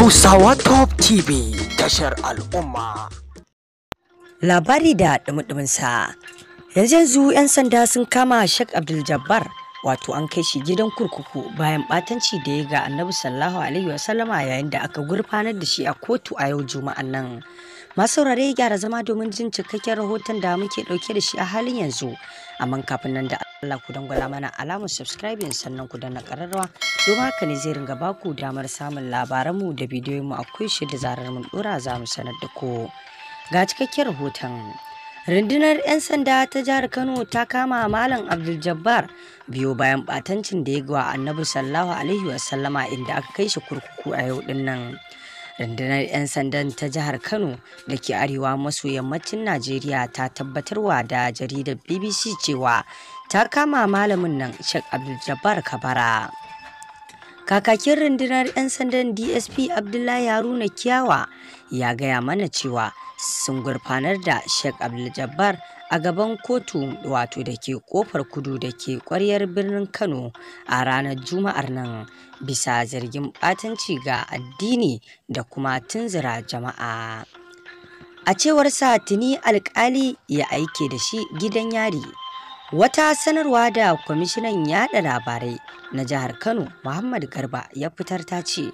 Hausawa Top TV tashar al'umma. Labari da sa Yanzu yanzu 'yan sanda sun kama Sheikh Abdul Jabbar wato an kai shi gidan kurkuku bayan ɓatanci da ya ga annabi sallallahu alaihi wasallama yayin da aka gurfanar da shi a kotu a yau juma'an nan. Masu saurare gyara zama domin jin cikakken rahoton da muke ɗauke da shi a halin yanzu, amma kafin nan da Allah ku dangwala mana alamun subscribing sannan ku danna kararrawa domin haka ne zai ringa baku damar samun labaran mu da bidiyon mu akwai shi da zarar mun dora za mu sanar da ku. Ga cikakken rahoton. Rundunar 'yan sanda ta jihar Kano ta kama Malam Abdul Jabbar biyo bayan batancin da ya ga Annabi sallahu alaihi wasallama inda aka kai shi kurkuku a yau din nan. rundunar 'yan sandan ta jihar kano da ke arewa maso yammacin najeriya ta tabbatarwa da jaridar bbc cewa ta kama malamin nan sheikh abdul kabara kakakin rundunar 'yan sandan dsp abdullahi haruna kiyawa ya gaya mana cewa sun gurfanar da sheikh abdul a gaban kotu wato da ke kofar kudu da ke kwaryar birnin kano a ranar juma'ar nan bisa zargin batanci ga addini da kuma tunzura jama'a a cewar sa tuni alkali ya aike da shi gidan yari wata sanarwa da kwamishinan yada labarai na jihar kano muhammad garba ya fitar ta ce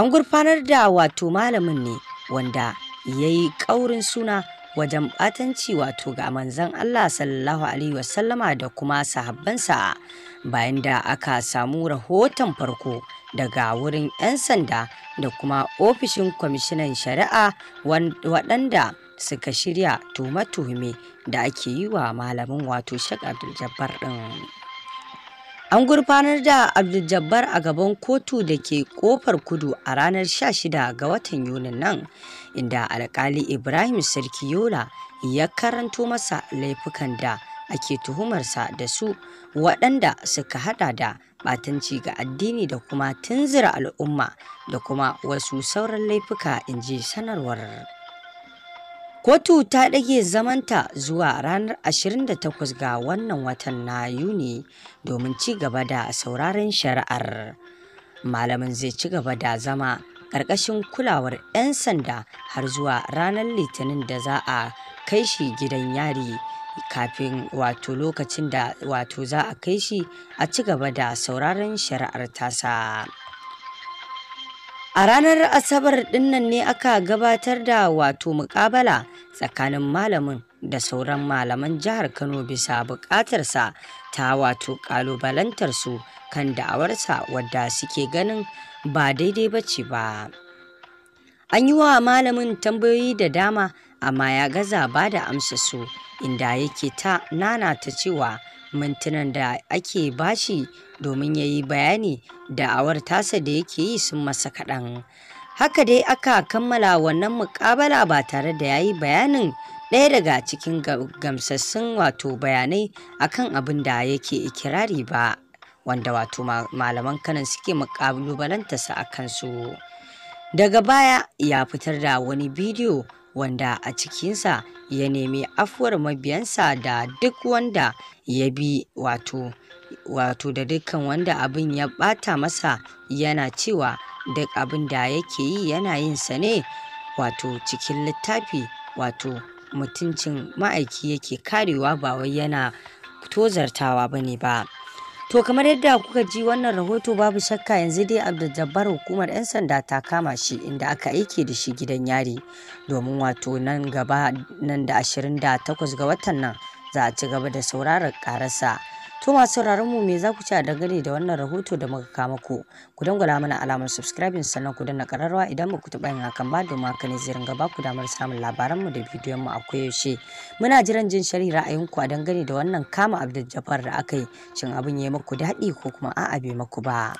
an gurfanar da wato malamin ne wanda ya yi ƙaurin suna wajen batanci wato ga manzon Allah sallallahu alaihi wasallama da kuma sahabbansa bayan da aka samu rahoton farko daga wurin 'yan sanda da kuma ofishin kwamishinan shari'a waɗanda suka shirya tuhume-tuhume da ake yi wa malamin wato shek Abdul Jabbar ɗin. An gurfanar da Abdul Jabbar a gaban kotu da ke kofar kudu a ranar 16 ga watan Yunin nan, inda alkali Ibrahim Sarki Yola ya karanto masa laifukan da ake tuhumarsa da su waɗanda suka hada da batanci ga addini da kuma tunzira al'umma da kuma wasu sauran laifuka in ji sanarwar. Kotu ta ɗage zamanta zuwa ranar 28 ga wannan watan na Yuni domin ci gaba da sauraron shari'ar. Malamin zai ci gaba da zama ƙarƙashin kulawar 'yan sanda har zuwa ranar litinin da za a kai shi gidan yari kafin wato lokacin da wato za a kai shi a ci gaba da sauraron shari'ar tasa. A ranar Asabar dinnan ne aka gabatar da wato mukabala tsakanin malamin da sauran malaman jihar Kano bisa bukatarsa ta wato kalubalantarsu kan da'awarsa wadda suke ganin ba daidai ba ce ba. An yi wa malamin tambayoyi da dama amma ya gaza ba da amsa su inda yake ta nana ta cewa mintunan da ake bashi domin ya yi bayani da'awar tasa da yake yi sun masa kaɗan. Haka dai aka kammala wannan mukabala ba tare da ya yi bayanin ɗaya daga cikin gamsassun wato bayanai akan abin da yake ikirari ba wanda wato malaman kanan suke mukalubalanta su a kansu. Daga baya ya fitar da wani bidiyo wanda a cikinsa ya nemi afuwar mabiyansa da duk wanda ya bi wato wato da dukkan wanda abin ya bata masa yana cewa duk abin da yake yi yana yin sa ne wato cikin littafi wato mutuncin ma'aiki yake karewa ba wai yana tozartawa bane ba. To kamar yadda kuka ji wannan rahoto babu shakka yanzu dai Abdul hukumar 'yan sanda ta kama shi inda aka aike da shi gidan yari domin wato nan gaba nan da 28 ga watan nan za a ci gaba da sauraron karasa. To masu sauraron mu me za ku ci a dangane da wannan rahoto da muka kama ku? Ku dangwala mana alamar subscribing sannan ku danna kararrawa idan ba ku taɓa yin hakan ba domin haka ne zai ringa ba ku damar samun labaran mu da bidiyon mu a koyaushe. Muna jiran jin sharhi ra'ayin ku a dangane da wannan kama Abdul Jabbar da aka yi. Shin abin ya yi muku daɗi ko kuma a'a bai maku ba?